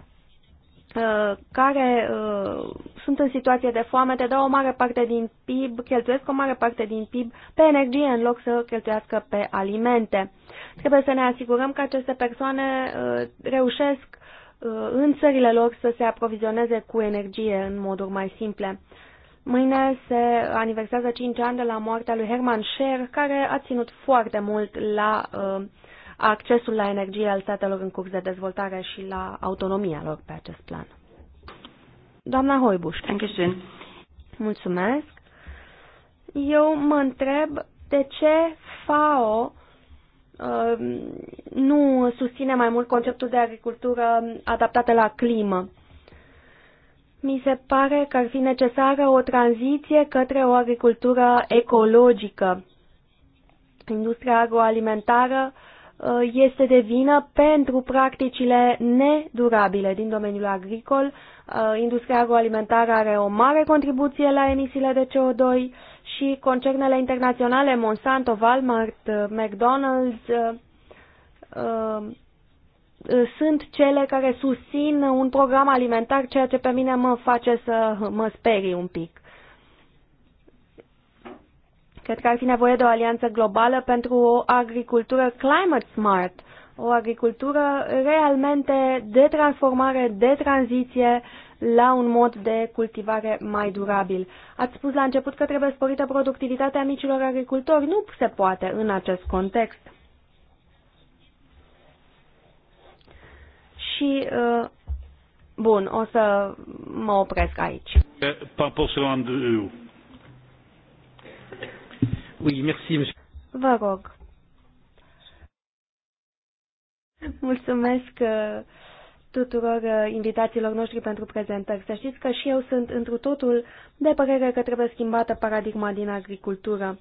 Uh, care uh, sunt în situație de foame te dau o mare parte din PIB, cheltuiesc o mare parte din PIB pe energie în loc să cheltuiască pe alimente. Trebuie să ne asigurăm că aceste persoane uh, reușesc uh, în țările lor să se aprovizioneze cu energie în moduri mai simple. Mâine se aniversează 5 ani de la moartea lui Herman Scher, care a ținut foarte mult la uh, accesul la energie al statelor în curs de dezvoltare și la autonomia lor pe acest plan. Doamna Hoibuș. Mulțumesc. Eu mă întreb de ce FAO uh, nu susține mai mult conceptul de agricultură adaptată la climă. Mi se pare că ar fi necesară o tranziție către o agricultură ecologică. Industria agroalimentară Uh, este de vină pentru practicile nedurabile din domeniul agricol. Uh, industria agroalimentară are o mare contribuție la emisiile de CO2 și concernele internaționale Monsanto, Walmart, uh, McDonald's sunt cele care susțin un program alimentar, ceea ce pe mine mă face să mă sperii un pic. Cred că ar fi nevoie de o alianță globală pentru o agricultură climate smart, o agricultură realmente de transformare, de tranziție la un mod de cultivare mai durabil. Ați spus la început că trebuie sporită productivitatea micilor agricultori. Nu se poate în acest context. Și, uh, bun, o să mă opresc aici. Eh, Pan Andriu. Oui, merci, monsieur. Vă rog. Mulțumesc uh, tuturor uh, invitațiilor noștri pentru prezentări. Să știți că și eu sunt întru totul de părere că trebuie schimbată paradigma din agricultură.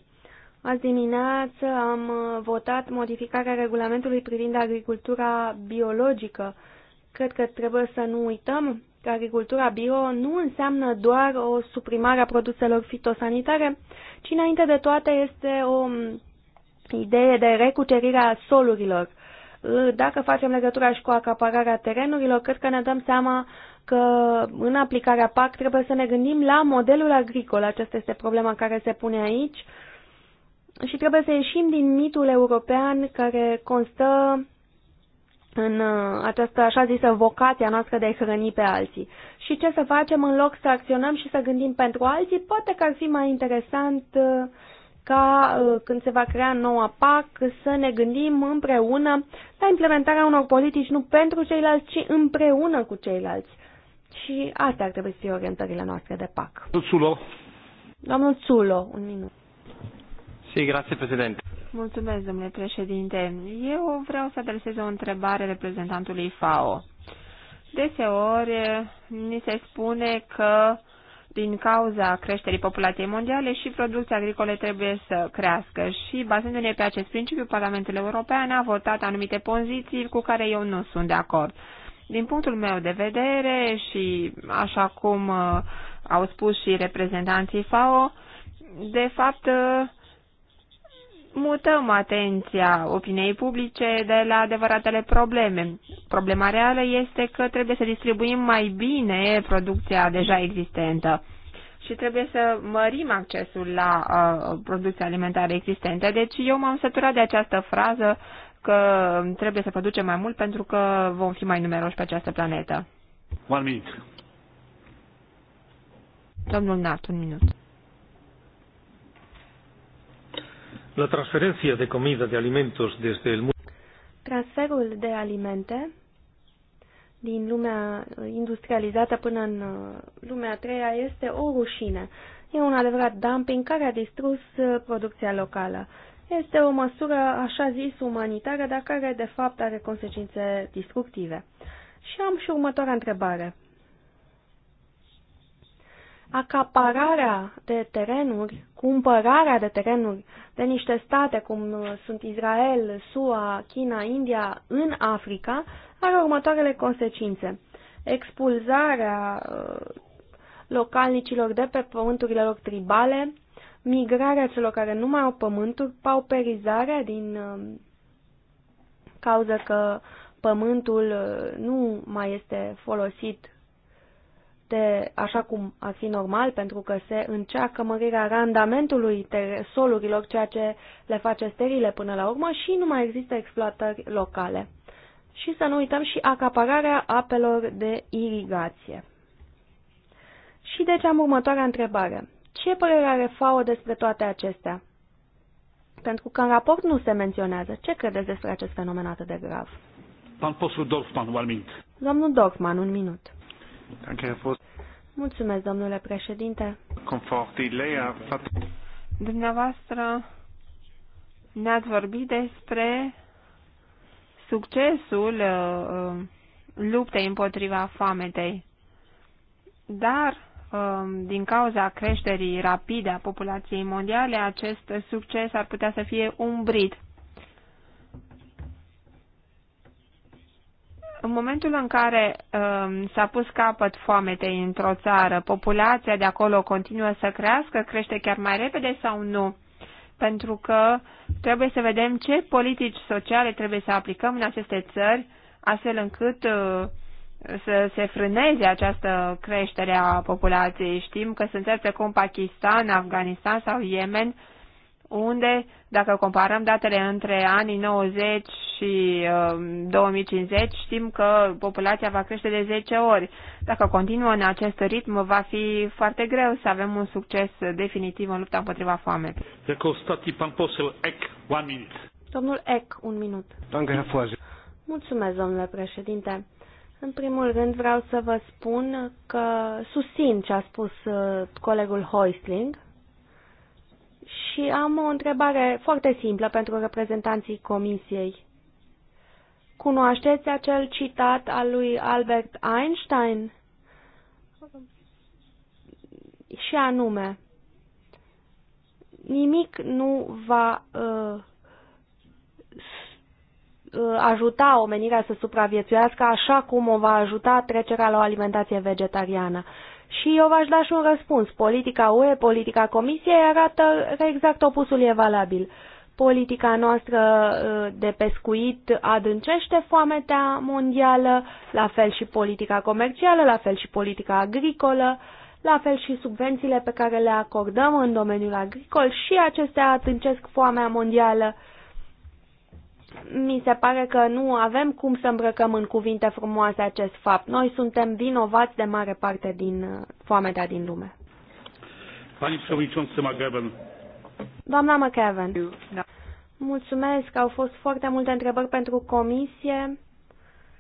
Azi dimineață am uh, votat modificarea regulamentului privind agricultura biologică. Cred că trebuie să nu uităm că agricultura bio nu înseamnă doar o suprimare a produselor fitosanitare, ci înainte de toate este o idee de recucerire a solurilor. Dacă facem legătura și cu acapararea terenurilor, cred că ne dăm seama că în aplicarea PAC trebuie să ne gândim la modelul agricol. Aceasta este problema care se pune aici și trebuie să ieșim din mitul european care constă în uh, această așa zisă vocația noastră de a hrăni pe alții. Și ce să facem în loc să acționăm și să gândim pentru alții, poate că ar fi mai interesant uh, ca uh, când se va crea noua PAC să ne gândim împreună la implementarea unor politici nu pentru ceilalți, ci împreună cu ceilalți. Și astea ar trebui să fie orientările noastre de PAC. Domnul Țulo, un minut. Sí, grazie Presidente. Mulțumesc, domnule președinte. Eu vreau să adresez o întrebare reprezentantului FAO. Deseori ni se spune că din cauza creșterii populației mondiale și producția agricole trebuie să crească și bazându-ne pe acest principiu, Parlamentul European a votat anumite poziții cu care eu nu sunt de acord. Din punctul meu de vedere și așa cum uh, au spus și reprezentanții FAO, de fapt uh, mutăm atenția opiniei publice de la adevăratele probleme. Problema reală este că trebuie să distribuim mai bine producția deja existentă și trebuie să mărim accesul la uh, producția alimentară existentă. Deci eu m-am săturat de această frază că trebuie să producem mai mult pentru că vom fi mai numeroși pe această planetă. One minute. Domnul Nart, un minut. La transferencia de comida, de alimentos desde el mundo. Transferul de alimente din lumea industrializată până în uh, lumea a treia este o rușine. E un adevărat dumping care a distrus uh, producția locală. Este o măsură așa zis umanitară, dar care de fapt are consecințe destructive. Și am și următoarea întrebare acapararea de terenuri, cumpărarea de terenuri de niște state cum uh, sunt Israel, SUA, China, India în Africa are următoarele consecințe. Expulzarea uh, localnicilor de pe pământurile lor tribale, migrarea celor care nu mai au pământuri, pauperizarea din uh, cauza că pământul nu mai este folosit este așa cum ar fi normal, pentru că se încearcă mărirea randamentului solurilor, ceea ce le face sterile până la urmă și nu mai există exploatări locale. Și să nu uităm și acapararea apelor de irigație. Și deci am următoarea întrebare. Ce părere are FAO despre toate acestea? Pentru că în raport nu se menționează. Ce credeți despre acest fenomen atât de grav? Pan Dorfman, un minut. Domnul Dorfman, un minut. Mulțumesc, domnule președinte. Dumneavoastră ne-ați vorbit despre succesul uh, uh luptei împotriva foametei. Dar, uh, din cauza creșterii rapide a populației mondiale, acest succes ar putea să fie umbrit În momentul în care um, s-a pus capăt foametei într-o țară, populația de acolo continuă să crească, crește chiar mai repede sau nu? Pentru că trebuie să vedem ce politici sociale trebuie să aplicăm în aceste țări, astfel încât uh, să se frâneze această creștere a populației. Știm că sunt țări precum Pakistan, Afganistan sau Yemen, unde, dacă comparăm datele între anii 90 și 2050, um, știm că populația va crește de 10 ori. Dacă continuă în acest ritm, va fi foarte greu să avem un succes definitiv în lupta împotriva foamei. Domnul Eck, un minut. Mulțumesc, domnule președinte. În primul rând vreau să vă spun că susțin ce a spus uh, colegul Hoisling și am o întrebare foarte simplă pentru reprezentanții Comisiei. Cunoașteți acel citat al lui Albert Einstein? Și anume, nimic nu va uh, uh ajuta omenirea să supraviețuiască așa cum o va ajuta trecerea la o alimentație vegetariană. Și eu v-aș da și un răspuns. Politica UE, politica Comisiei arată că exact opusul e valabil. Politica noastră uh, de pescuit adâncește foametea mondială, la fel și politica comercială, la fel și politica agricolă, la fel și subvențiile pe care le acordăm în domeniul agricol și acestea adâncesc foamea mondială mi se pare că nu avem cum să îmbrăcăm în cuvinte frumoase acest fapt. Noi suntem vinovați de mare parte din uh, foamea din lume. Doamna McEwen, Mulțumesc, au fost foarte multe întrebări pentru comisie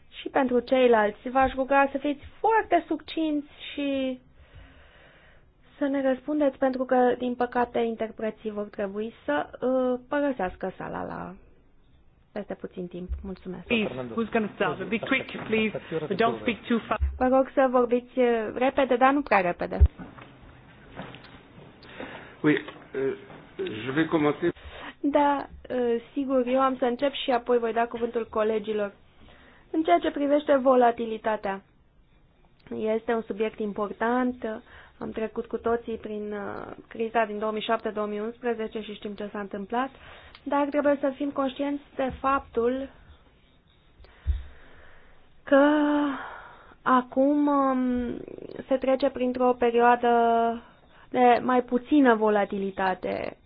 și pentru ceilalți. V-aș ruga să fiți foarte succinți și să ne răspundeți, pentru că, din păcate, interpreții vor trebui să uh, părăsească sala la peste puțin timp. Mulțumesc. Vă rog să vorbiți uh, repede, dar nu prea repede. Euh, da, uh, sigur, eu am să încep și apoi voi da cuvântul colegilor. În ceea ce privește volatilitatea, este un subiect important. Am trecut cu toții prin uh, criza din 2007-2011 și știm ce s-a întâmplat, dar trebuie să fim conștienți de faptul că acum um, se trece printr-o perioadă de mai puțină volatilitate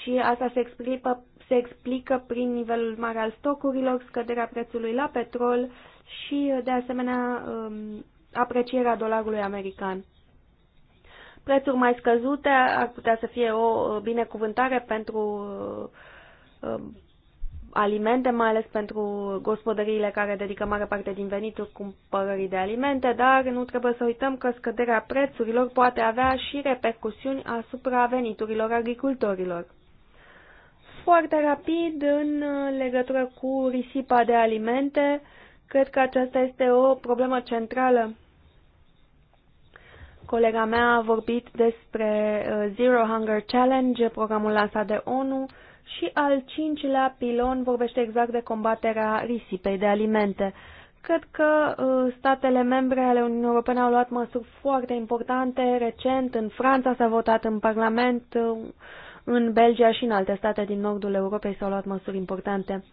și asta se explică, se explică prin nivelul mare al stocurilor, scăderea prețului la petrol și, de asemenea, um, aprecierea dolarului american. Prețuri mai scăzute ar putea să fie o binecuvântare pentru uh, um, alimente, mai ales pentru gospodăriile care dedică mare parte din venituri cumpărării de alimente, dar nu trebuie să uităm că scăderea prețurilor poate avea și repercusiuni asupra veniturilor agricultorilor. Foarte rapid, în uh, legătură cu risipa de alimente, uh, Cred că aceasta este o problemă centrală. Colega mea a vorbit despre uh, Zero Hunger Challenge, programul lansat de ONU, și al cincilea pilon vorbește exact de combaterea risipei de alimente. Cred că uh, statele membre ale Uniunii Europene au luat măsuri foarte importante. Recent, în Franța s-a votat în Parlament, uh, în Belgia și în alte state din nordul Europei s-au luat măsuri importante.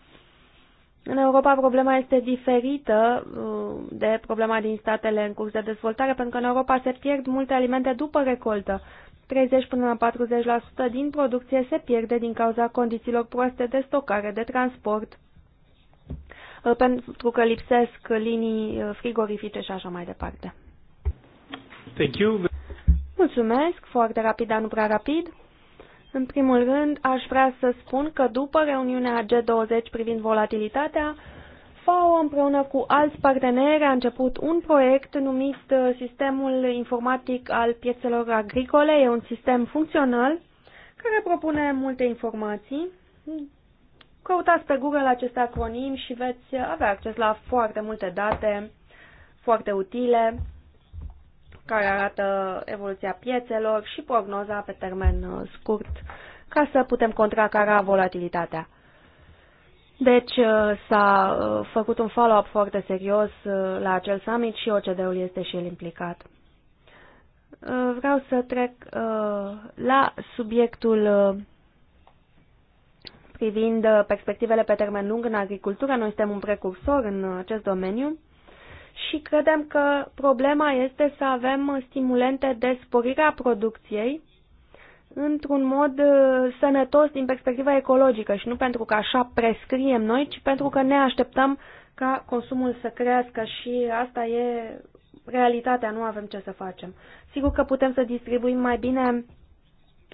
În Europa problema este diferită uh, de problema din statele în curs de dezvoltare, pentru că în Europa se pierd multe alimente după recoltă. 30 până la 40% din producție se pierde din cauza condițiilor proaste de stocare, de transport, uh, pentru că lipsesc linii uh, frigorifice și așa mai departe. Thank you. Mulțumesc, foarte rapid, dar nu prea rapid. În primul rând, aș vrea să spun că după reuniunea G20 privind volatilitatea, FAO împreună cu alți parteneri a început un proiect numit uh, Sistemul Informatic al Piețelor Agricole. E un sistem funcțional care propune multe informații. Căutați pe Google acest acronim și veți uh, avea acces la foarte multe date foarte utile care arată evoluția piețelor și prognoza pe termen uh, scurt ca să putem contracara volatilitatea. Deci uh, s-a uh, făcut un follow-up foarte serios la acel summit și OCD-ul este și el implicat. Vreau să trec la subiectul privind perspectivele pe termen lung în agricultură. Noi suntem un precursor în acest domeniu și credem că problema este să avem stimulente de sporire a producției într-un mod uh, sănătos din perspectiva ecologică și nu pentru că așa prescriem noi, ci pentru că ne așteptăm ca consumul să crească și asta e realitatea, nu avem ce să facem. Sigur că putem să distribuim mai bine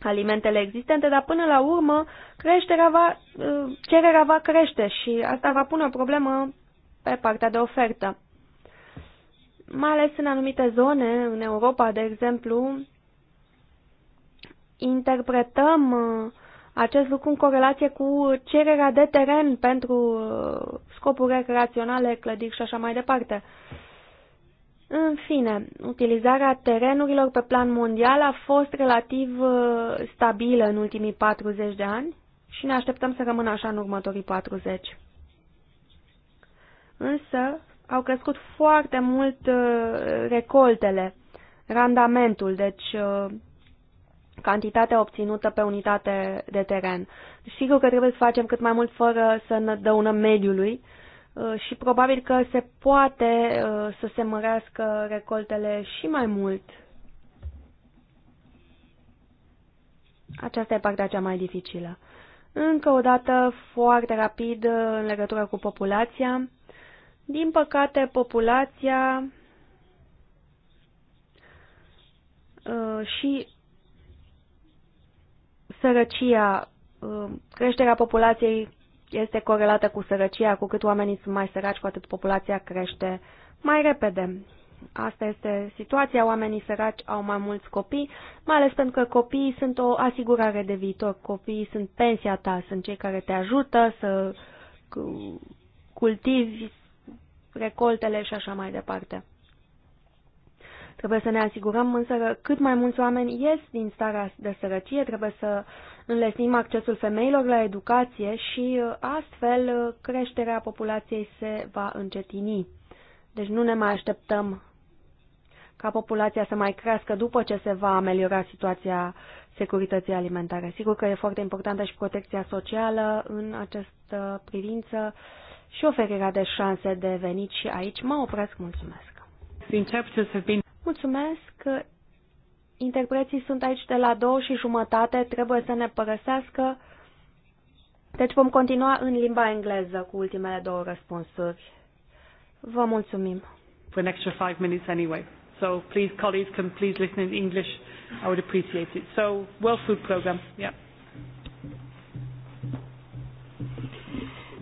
alimentele existente, dar până la urmă creșterea va, uh, cererea va crește și asta va pune o problemă pe partea de ofertă mai ales în anumite zone, în Europa, de exemplu, interpretăm uh, acest lucru în corelație cu cererea de teren pentru uh, scopuri recreaționale, clădiri și așa mai departe. În fine, utilizarea terenurilor pe plan mondial a fost relativ uh, stabilă în ultimii 40 de ani și ne așteptăm să rămână așa în următorii 40. Însă, au crescut foarte mult uh, recoltele, randamentul, deci uh, cantitatea obținută pe unitate de teren. Sigur că trebuie să facem cât mai mult fără să ne dăunăm mediului uh, și probabil că se poate să se mărească recoltele și mai mult. Aceasta e partea cea mai dificilă. Încă o dată, foarte rapid, în legătură cu populația, din păcate, populația uh, și sărăcia, uh, creșterea populației este corelată cu sărăcia, cu cât oamenii sunt mai săraci, cu atât populația crește mai repede. Asta este situația, oamenii săraci au mai mulți copii, mai ales pentru că copiii sunt o asigurare de viitor, copiii sunt pensia ta, sunt cei care te ajută să cultivi, recoltele și așa mai departe. Trebuie să ne asigurăm însă că cât mai mulți oameni ies din starea de sărăcie, trebuie să înlesnim accesul femeilor la educație și uh, astfel uh, creșterea populației se va încetini. Deci nu ne mai așteptăm ca populația să mai crească după ce se va ameliora situația securității alimentare. Sigur că e foarte importantă și protecția socială în această privință și oferirea de șanse de venit și aici. Mă opresc, mulțumesc. Mulțumesc. Interpreții sunt aici de la două și jumătate, trebuie să ne părăsească. Deci vom continua în limba engleză cu ultimele două răspunsuri. Vă mulțumim. For an extra five minutes anyway. So please, colleagues, can please listen in English. I would appreciate it. So, World Food Program. Yeah.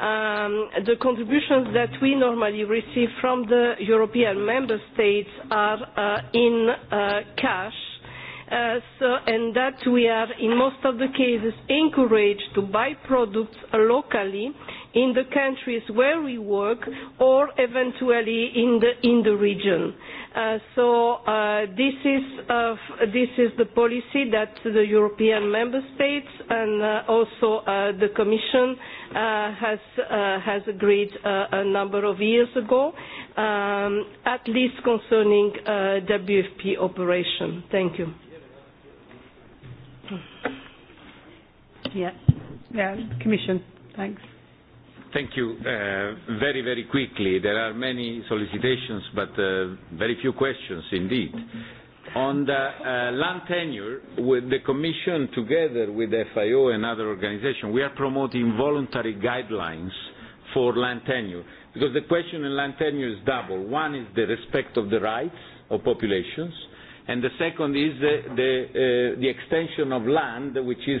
um, the contributions that we normally receive from the European member states are uh, in uh, cash. Uh, so, and that we are in most of the cases encouraged to buy products locally in the countries where we work or eventually in the, in the region. Uh, so uh, this, is, uh, this is the policy that the European member states and uh, also uh, the Commission uh, has, uh, has agreed uh, a number of years ago, um, at least concerning uh, WFP operation. Thank you. Yeah. Yeah, Commission. Thanks. Thank you. Uh, very, very quickly, there are many solicitations, but uh, very few questions indeed. On the uh, land tenure, with the Commission together with FIO and other organizations, we are promoting voluntary guidelines for land tenure. Because the question in land tenure is double. One is the respect of the rights of populations, and the second is the, the, uh, the extension of land, which is